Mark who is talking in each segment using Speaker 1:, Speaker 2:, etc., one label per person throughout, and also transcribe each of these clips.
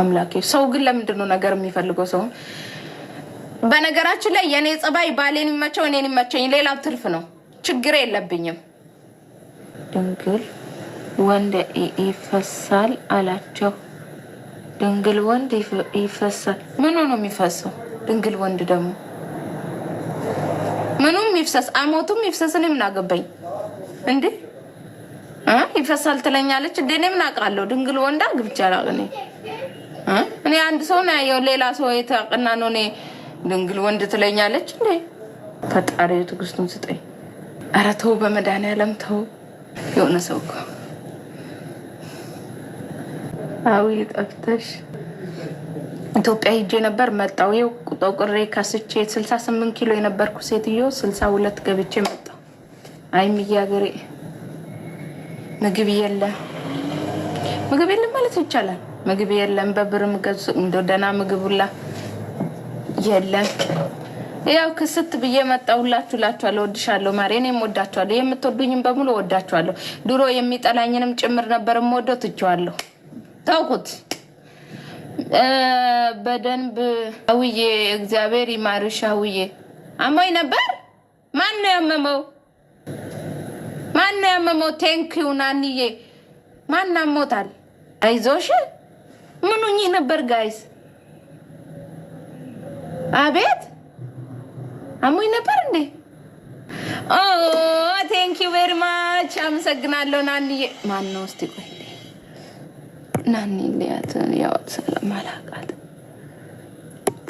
Speaker 1: አምላኬ። ሰው ግን ለምንድን ነው ነገር የሚፈልገው? ሰው በነገራችን ላይ የእኔ ጸባይ ባሌን ይመቸው እኔን ይመቸኝ፣ ሌላው ትርፍ ነው። ችግር የለብኝም። ድንግል ወንድ ይፈሳል አላቸው። ድንግል ወንድ ይፈሳል። ምኑ ነው የሚፈሰው? ድንግል ወንድ ደግሞ ምኑም ይፍሰስ፣ አሞቱም ይፍሰስን፣ ምን አገባኝ እንዴ? ይፈሳል ትለኛለች። እንደ እኔ ምን አውቃለሁ? ድንግል ወንዳ ግብቻ ላ እኔ እኔ አንድ ሰው ነው ያየው፣ ሌላ ሰው የተቅና ነው። እኔ ድንግል ወንድ ትለኛለች እንዴ! ፈጣሪ ትዕግስቱን ስጠኝ። ኧረ ተው በመድኃኒዓለም ተው። የሆነ ሰው እኮ አዊ ጠፍተሽ ኢትዮጵያ ሄጄ ነበር መጣው። ይኸው ቁጠቁሬ ከስቼ 68 ኪሎ የነበርኩ ሴትዮ 62 ገብቼ መጣው። አይ ሚያገሬ ምግብ የለም፣ ምግብ የለም ማለት ይቻላል። ምግብ የለም፣ በብር ምገዙ እንደው ደህና የለም። ያው ክስት ብዬ መጣሁላችሁ። እላችኋለሁ፣ ወድሻለሁ ማሬ። እኔም እወዳችኋለሁ። የምትወዱኝም በሙሉ ወዳችኋለሁ። ድሮ የሚጠላኝንም ጭምር ነበር የምወደው። ትቼዋለሁ፣ ተውኩት። በደንብ አውዬ። እግዚአብሔር ይማርሽ አውዬ። አሞኝ ነበር። ማን ነው ያመመው? ማነው ያመመው? ቴንኪው ናንዬ። ማን አሞታል? አይዞሽ ምኑ ኝህ ነበር ጋይስ። አቤት አሞኝ ነበር እንዴ? ኦ ቴንኪው ቬሪ ማች አመሰግናለሁ ናንዬ። ማን ነው እስቲ ቆይ ናኒ ሊያት ያወት ሰላም አላቃት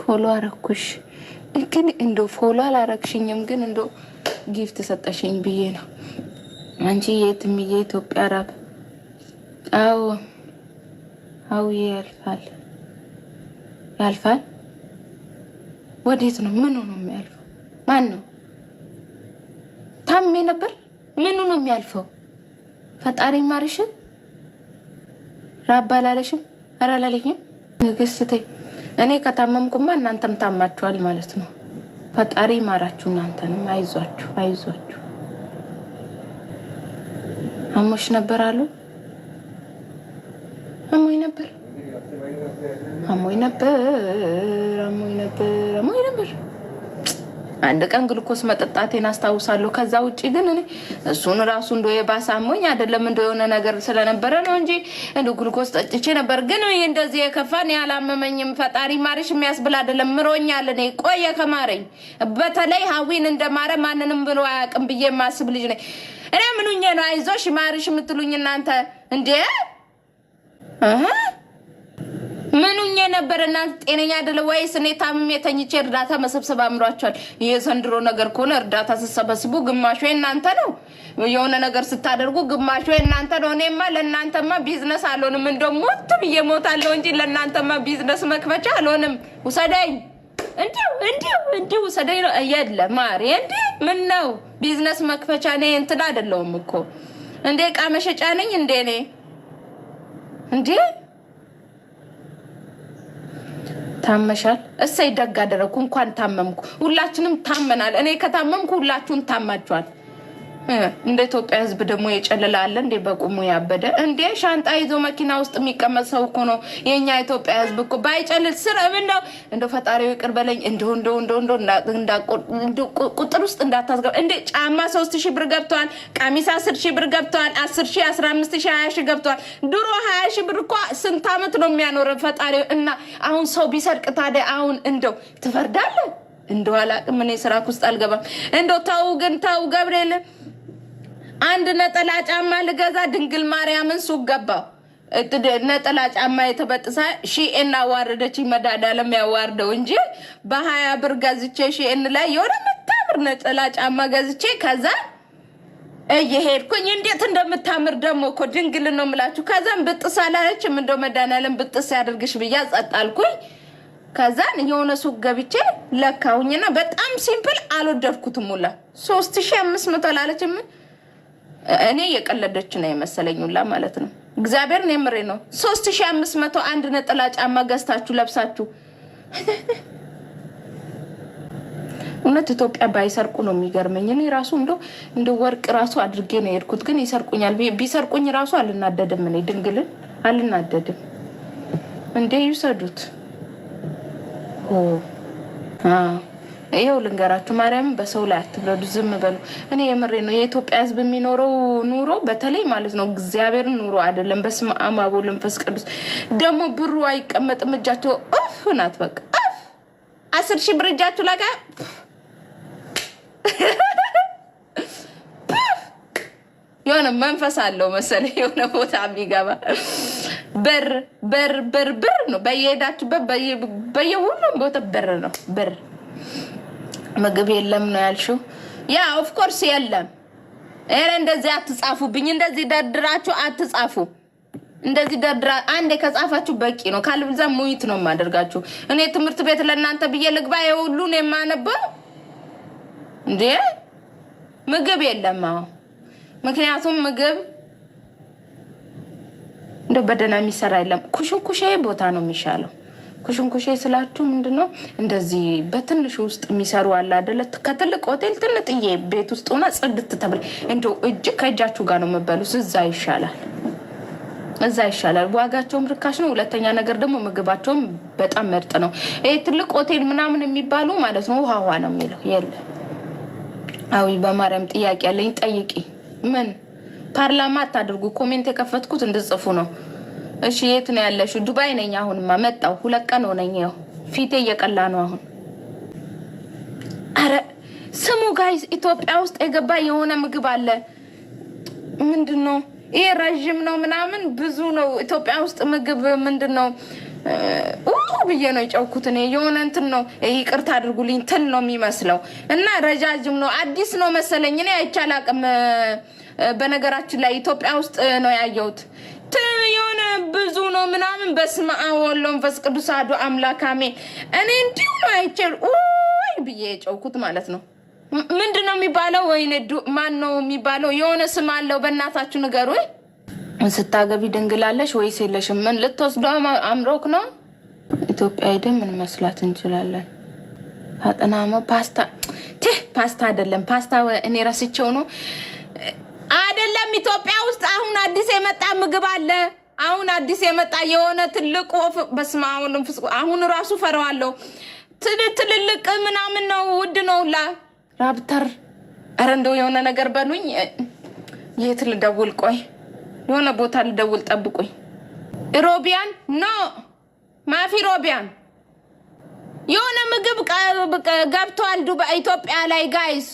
Speaker 1: ፎሎ አረኩሽ ግን እንዶ ፎሎ አላረግሽኝም፣ ግን እንዶ ጊፍት ሰጠሽኝ ብዬ ነው። አንቺ የትምዬ ኢትዮጵያ ራብ አዎ አውዬ ያልፋል ያልፋል። ወዴት ነው? ምኑ ነው የሚያልፈው? ማን ነው ታሜ ነበር? ምኑ ነው የሚያልፈው? ፈጣሪ ማርሽን ራባ አላለሽም? ኧረ አላለኝም። ንግስት ተይ፣ እኔ ከታመምኩማ እናንተም ታማችኋል ማለት ነው። ፈጣሪ ማራችሁ እናንተንም። አይዟችሁ አይዟችሁ። አሞሽ ነበር አሉ። አሞኝ ነበር፣ አሞኝ ነበር፣ አሞኝ ነበር፣ አሞኝ ነበር አንድ ቀን ግልኮስ መጠጣቴን አስታውሳለሁ። ከዛ ውጭ ግን እኔ እሱን ራሱ እንደ የባሰ አሞኝ አይደለም እንደ የሆነ ነገር ስለነበረ ነው እንጂ እንደ ግልኮስ ጠጭቼ ነበር። ግን እንደዚህ የከፋን ያላመመኝም ፈጣሪ ማሪሽ የሚያስብል አይደለም። ምሮኛል። እኔ ቆየ ከማረኝ በተለይ ሀዊን እንደማረ ማንንም ብሎ አያውቅም ብዬ የማስብ ልጅ ነኝ እኔ። ምኑኜ ነው አይዞሽ ማሪሽ የምትሉኝ እናንተ እንዴ? ምኑኝ የነበረ እናንተ ጤነኛ አይደለ ወይስ? እኔ ታምሜ ተኝቼ እርዳታ መሰብሰብ አምሯቸዋል። የዘንድሮ ነገር ከሆነ እርዳታ ስሰበስቡ ግማሹ የእናንተ ነው፣ የሆነ ነገር ስታደርጉ ግማሹ የእናንተ ነው። እኔማ ለእናንተማ ቢዝነስ አልሆንም፣ እንደ ሞት ብዬ እሞታለሁ እንጂ ለእናንተማ ቢዝነስ መክፈቻ አልሆንም። ውሰደኝ፣ እንዲሁ እንዲሁ እንዲሁ ውሰደኝ ነው። የለ ማሪ፣ እንዲ ምን ነው ቢዝነስ መክፈቻ? እኔ እንትን አይደለሁም እኮ እንዴ፣ እቃ መሸጫ ነኝ እንዴ እኔ እንዴ ታመሻል። እሰይ ደግ አደረግኩ። እንኳን ታመምኩ። ሁላችንም ታመናል። እኔ ከታመምኩ ሁላችሁም ታማችኋል። እንደ ኢትዮጵያ ህዝብ ደግሞ የጨለላ አለ እንዴ? በቁሙ ያበደ እንዴ? ሻንጣ ይዞ መኪና ውስጥ የሚቀመጥ ሰው እኮ ነው የእኛ ኢትዮጵያ ህዝብ እኮ ባይጨልል ስር ምነው እንደ ፈጣሪው ይቅር በለኝ። እንዲሁ እንዲሁ እንዲሁ ቁጥር ውስጥ እንዳታስገባ እንዴ። ጫማ ሶስት ሺህ ብር ገብተዋል። ቀሚስ አስር ሺህ ብር ገብተዋል። አስር ሺህ አስራ አምስት ሺህ ሀያ ሺህ ገብተዋል። ድሮ ሀያ ሺህ ብር እኳ ስንት አመት ነው የሚያኖረን ፈጣሪው እና አሁን ሰው ቢሰርቅ ታዲያ አሁን እንደው ትፈርዳለህ? እንደው አላቅም እኔ ስራ ውስጥ አልገባም። እንደው ተው ግን ተው ገብርኤል አንድ ነጠላ ጫማ ልገዛ ድንግል ማርያምን ሱቅ ገባው። ነጠላ ጫማ የተበጥሳ ሺኤን አዋረደች። መዳዳ ለሚያዋርደው እንጂ በሀያ ብር ገዝቼ ሺኤን ላይ የሆነ መታምር ነጠላ ጫማ ገዝቼ ከዛ እየሄድኩኝ እንዴት እንደምታምር ደግሞ እኮ ድንግል ነው የምላችሁ። ከዛም ብጥስ አላለችም እንደ መዳናለን ብጥስ ያደርግሽ ብዬ ጸጥ ከዛን የሆነ ሱቅ ገብቼ ለካሁኝና በጣም ሲምፕል አልወደድኩትም። ሁላ ሶስት ሺ አምስት መቶ አላለችም እኔ የቀለደች ነው የመሰለኝ ሁላ ማለት ነው። እግዚአብሔርን የምሬ ነው። ሶስት ሺ አምስት መቶ አንድ ነጠላ ጫማ ገዝታችሁ ለብሳችሁ እውነት ኢትዮጵያ ባይሰርቁ ነው የሚገርመኝ። እኔ ራሱ እንደ እንደ ወርቅ ራሱ አድርጌ ነው የሄድኩት፣ ግን ይሰርቁኛል። ቢሰርቁኝ ራሱ አልናደድም። እኔ ድንግልን አልናደድም። እንዴ ይውሰዱት። ይኸው ልንገራችሁ፣ ማርያም በሰው ላይ አትብለዱ፣ ዝም በሉ። እኔ የምሬ ነው። የኢትዮጵያ ሕዝብ የሚኖረው ኑሮ በተለይ ማለት ነው እግዚአብሔር ኑሮ አይደለም። በስመ አብ ወወልድ ወመንፈስ ቅዱስ። ደግሞ ብሩ አይቀመጥም እጃቸው እፍ ናት። በቃ አስር ሺህ ብር እጃችሁ ላቀ። የሆነ መንፈስ አለው መሰለ የሆነ ቦታ የሚገባ በር በር በር በር ነው። በየሄዳችሁበት በየሁሉም ቦታ በር ነው በር ምግብ የለም ነው ያልሽው? ያ ኦፍኮርስ የለም። ኧረ እንደዚህ አትጻፉብኝ፣ እንደዚህ ደርድራችሁ አትጻፉ። እንደዚህ ደርድራ አንዴ ከጻፋችሁ በቂ ነው። ካልብዛ ሙይት ነው የማደርጋችሁ። እኔ ትምህርት ቤት ለእናንተ ብዬ ልግባ የሁሉን የማነበው እንዴ? ምግብ የለም። አዎ ምክንያቱም ምግብ እንደ በደህና የሚሰራ የለም። ኩሽ ቦታ ነው የሚሻለው ኩሽንኩሽ ስላችሁ ምንድን ነው እንደዚህ በትንሹ ውስጥ የሚሰሩ አለ አይደለ? ከትልቅ ሆቴል ትንጥዬ ቤት ውስጥ ሆና ጽድት ተብላ እንዲ እጅ ከእጃችሁ ጋር ነው የምትበሉት። እዛ ይሻላል፣ እዛ ይሻላል። ዋጋቸውም ርካሽ ነው። ሁለተኛ ነገር ደግሞ ምግባቸውም በጣም ምርጥ ነው። ይሄ ትልቅ ሆቴል ምናምን የሚባሉ ማለት ነው ውሃ ውሃ ነው የሚለው የለ። አዊ በማርያም ጥያቄ ያለኝ ጠይቂ። ምን ፓርላማ አታድርጉ። ኮሜንት የከፈትኩት እንድጽፉ ነው። እሺ የት ነው ያለሽው? ዱባይ ነኝ። አሁንማ መጣሁ፣ ሁለት ቀን ሆነኝ። ያው ፊቴ እየቀላ ነው አሁን። አረ ስሙ ጋይስ፣ ኢትዮጵያ ውስጥ የገባ የሆነ ምግብ አለ። ምንድን ነው ይሄ? ረዥም ነው ምናምን ብዙ ነው። ኢትዮጵያ ውስጥ ምግብ ምንድን ነው? ብዬ ነው የጨውኩት እኔ። የሆነ እንትን ነው፣ ይቅርታ አድርጉልኝ። ትል ነው የሚመስለው እና ረጃጅም ነው። አዲስ ነው መሰለኝ እኔ አይቼ በነገራችን ላይ ኢትዮጵያ ውስጥ ነው ያየሁት። ብዙ ነው ምናምን። በስመ አብ ወወልድ ወመንፈስ ቅዱስ አሐዱ አምላክ አሜን። እኔ እንዲሁ ነው አይቼል ወይ ብዬ የጨውኩት ማለት ነው። ምንድን ነው የሚባለው? ወይ ማን ነው የሚባለው? የሆነ ስም አለው። በእናታችሁ ንገሩ። ስታገቢ ድንግላለሽ ወይስ የለሽም? ምን ልትወስዶ አምሮክ ነው? ኢትዮጵያ ሄደን ምን መስላት እንችላለን? አጠናመ ፓስታ ቴህ ፓስታ አይደለም ፓስታ እኔ ረስቸው ነው አይደለም። ኢትዮጵያ ውስጥ አሁን አዲስ የመጣ ምግብ አለ። አሁን አዲስ የመጣ የሆነ ትልቅ ወፍ በስማ አብ ወወልድ አሁን ራሱ ፈራዋለሁ። ትልልቅ ምናምን ነው፣ ውድ ነው። ላ ራብተር ኧረ እንደው የሆነ ነገር በሉኝ። የት ልደውል? ቆይ የሆነ ቦታ ልደውል፣ ጠብቁኝ። ሮቢያን ኖ ማፊ ሮቢያን የሆነ ምግብ ገብተዋል ዱባይ ኢትዮጵያ ላይ ጋይስ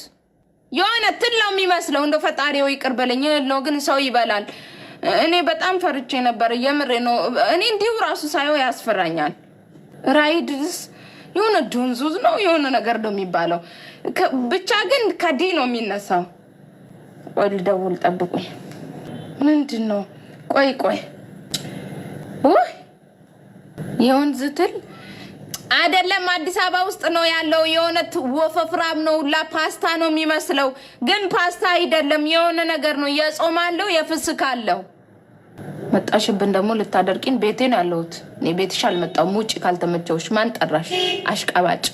Speaker 1: የሆነ ትል ነው የሚመስለው። እንደ ፈጣሪው ይቅር በለኝ ነው ግን ሰው ይበላል። እኔ በጣም ፈርቼ ነበር። የምሬ ነው። እኔ እንዲሁ ራሱ ሳየው ያስፈራኛል። ራይድስ የሆነ ድንዙዝ ነው የሆነ ነገር ነው የሚባለው። ብቻ ግን ከዲ ነው የሚነሳው። ቆይ ልደውል፣ ጠብቁኝ። ምንድን ነው? ቆይ ቆይ፣ የወንዝ ትል አይደለም አዲስ አበባ ውስጥ ነው ያለው። የሆነ ወፈፍራም ነው ሁላ ፓስታ ነው የሚመስለው፣ ግን ፓስታ አይደለም። የሆነ ነገር ነው የጾም አለው የፍስክ አለው። መጣሽብን ደግሞ ልታደርቂን። ቤቴ ነው ያለሁት እኔ። ቤትሽ አልመጣሁም። ውጭ ካልተመቸውሽ ማን ጠራሽ? አሽቀባጭ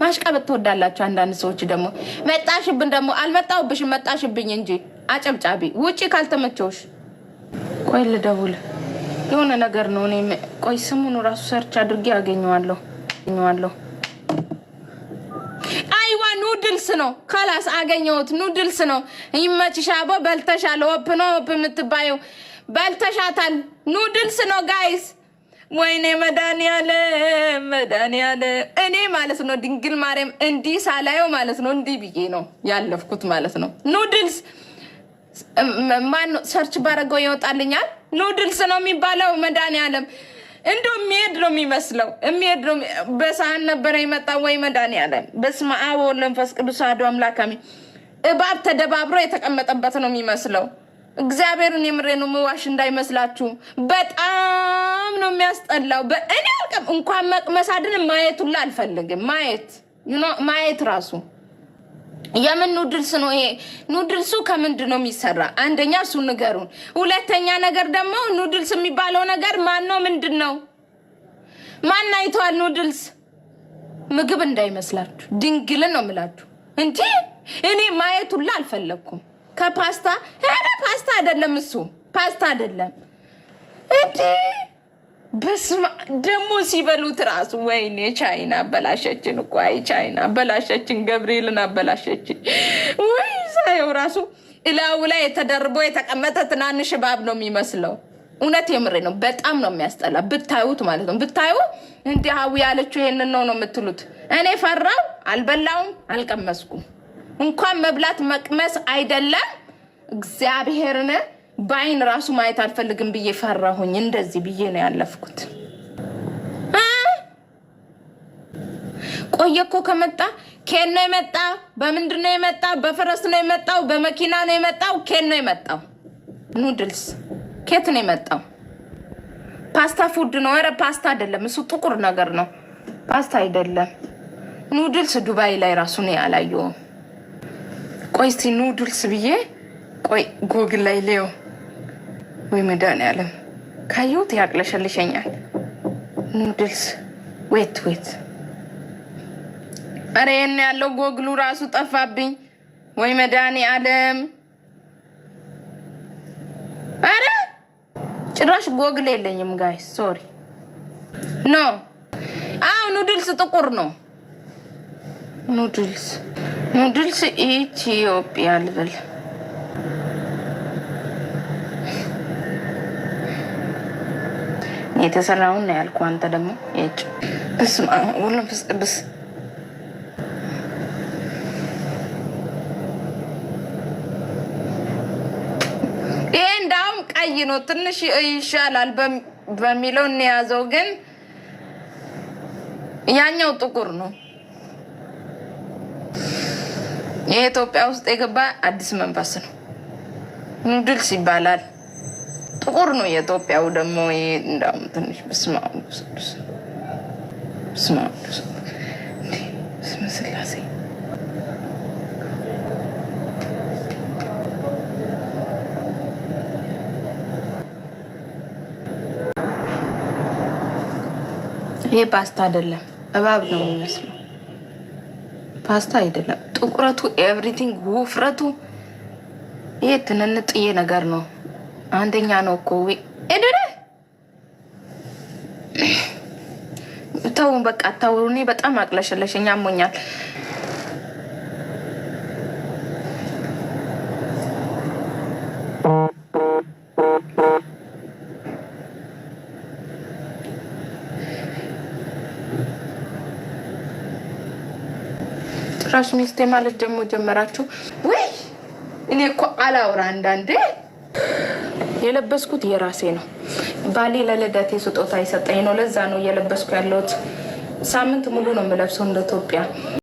Speaker 1: ማሽቀበጥ ትወዳላችሁ። አንዳንድ ሰዎች ደግሞ መጣሽብን ደግሞ አልመጣሁብሽም፣ መጣሽብኝ እንጂ አጨብጫቢ። ውጭ ካልተመቸውሽ። ቆይ ልደውል፣ የሆነ ነገር ነው እኔ። ቆይ ስሙኑ ራሱ ሰርች አድርጌ አገኘዋለሁ። አይዋ ኑድልስ ነው ከላስ አገኘሁት። ኑድልስ ነው። ይመችሻ። አቦ በልተሻል። ወፕ ነው ወፕ የምትባየው በልተሻታል። ኑድልስ ነው ጋይስ። ወይኔ መድኃኒዓለም መድኃኒዓለም፣ እኔ ማለት ነው ድንግል ማርያም እንዲህ ሳላየው ማለት ነው እንዲህ ብዬ ነው ያለፍኩት ማለት ነው። ኑድልስ ማነው ሰርች ባረገው ይወጣልኛል። ኑድልስ ነው የሚባለው መድኃኒዓለም እንደው የሚሄድ ነው የሚመስለው፣ የሚሄድ ነው። በሰሃን ነበረ የመጣ ወይ መድኃኒዓለም። በስመ አብ ወወልድ ወመንፈስ ቅዱስ አሐዱ አምላክ አሜን። እባብ ተደባብሮ የተቀመጠበት ነው የሚመስለው። እግዚአብሔርን የምሬ ነው ምዋሽ እንዳይመስላችሁ። በጣም ነው የሚያስጠላው። በእኔ አልቀም እንኳን መሳድን ማየት ሁላ አልፈልግም። ማየት ማየት ራሱ የምን ኑድልስ ነው ይሄ? ኑድልሱ ከምንድን ነው የሚሰራ? አንደኛ እሱ ንገሩን። ሁለተኛ ነገር ደግሞ ኑድልስ የሚባለው ነገር ማን ነው? ምንድን ነው? ማን አይተዋል? ኑድልስ ምግብ እንዳይመስላችሁ። ድንግልን ነው የምላችሁ። እንዲህ እኔ ማየት ሁላ አልፈለግኩም ከፓስታ ፓስታ አይደለም እሱ ፓስታ አይደለም። እንዲ በስማ ደግሞ ሲበሉት ራሱ ወይኔ ቻይና አበላሸችን እኮ አይ ቻይና አበላሸችን፣ ገብርኤልን አበላሸችን። ወይ ሳየው ራሱ እላዩ ላይ የተደርቦ የተቀመጠ ትናንሽ እባብ ነው የሚመስለው። እውነት የምሬ ነው። በጣም ነው የሚያስጠላ ብታዩት ማለት ነው። ብታዩ እንዲህ ሀዊ ያለችው ይሄንን ነው ነው የምትሉት። እኔ ፈራው፣ አልበላውም፣ አልቀመስኩም። እንኳን መብላት መቅመስ አይደለም እግዚአብሔርን በአይን ራሱ ማየት አልፈልግም ብዬ ፈራሁኝ። እንደዚህ ብዬ ነው ያለፍኩት። ቆየ እኮ ከመጣ ኬን ነው የመጣ? በምንድን ነው የመጣ? በፈረስ ነው የመጣው? በመኪና ነው የመጣው? ኬን ነው የመጣው? ኑድልስ ኬት ነው የመጣው? ፓስታ ፉድ ነው። ኧረ ፓስታ አይደለም እሱ ጥቁር ነገር ነው። ፓስታ አይደለም። ኑድልስ ዱባይ ላይ ራሱ ነው ያላየውም። ቆይ እስኪ ኑድልስ ብዬ ቆይ ጎግል ላይ ሌዮ ወይ መድኃኒዓለም ካየሁት ያቅለሸልሸኛል። ኑድልስ ዌት ዌት ኧረ ይሄን ያለው ጎግሉ ራሱ ጠፋብኝ። ወይ መድኃኒዓለም ኧረ ጭራሽ ጎግል የለኝም ጋይስ ሶሪ ኖ። አዎ ኑድልስ ጥቁር ነው። ኑድልስ ኑድልስ ኢትዮጵያ ልበል የተሰራውን ነው ያልኩ። አንተ ደግሞ የጭ ሁሉም ፍስ ቅዱስ ይሄ እንዳውም ቀይ ነው ትንሽ ይሻላል በሚለው እንያዘው፣ ግን ያኛው ጥቁር ነው። የኢትዮጵያ ውስጥ የገባ አዲስ መንፈስ ነው። ኑድልስ ይባላል። ጥቁር ነው የኢትዮጵያው ደግሞ እንዳውም ትንሽ በስመ አብ ቅዱስ በስመ አብ ቅዱስ ስመ ስላሴ ይሄ ፓስታ አይደለም፣ እባብ ነው የሚመስለው። ፓስታ አይደለም፣ ጥቁረቱ ኤቭሪቲንግ፣ ውፍረቱ ይሄ ትንንጥዬ ነገር ነው። አንደኛ ነው እኮ ኤደደ ተውን፣ በቃ አታውሩ። እኔ በጣም አቅለሸለሸኝ፣ አሞኛል። ጭራሽ ሚስቴ ማለት ደግሞ ጀመራችሁ ወይ? እኔ እኮ አላውራ አንዳንዴ የለበስኩት የራሴ ነው። ባሌ ለልደቴ ስጦታ የሰጠኝ ነው። ለዛ ነው እየለበስኩ ያለሁት። ሳምንት ሙሉ ነው የምለብሰው እንደ ኢትዮጵያ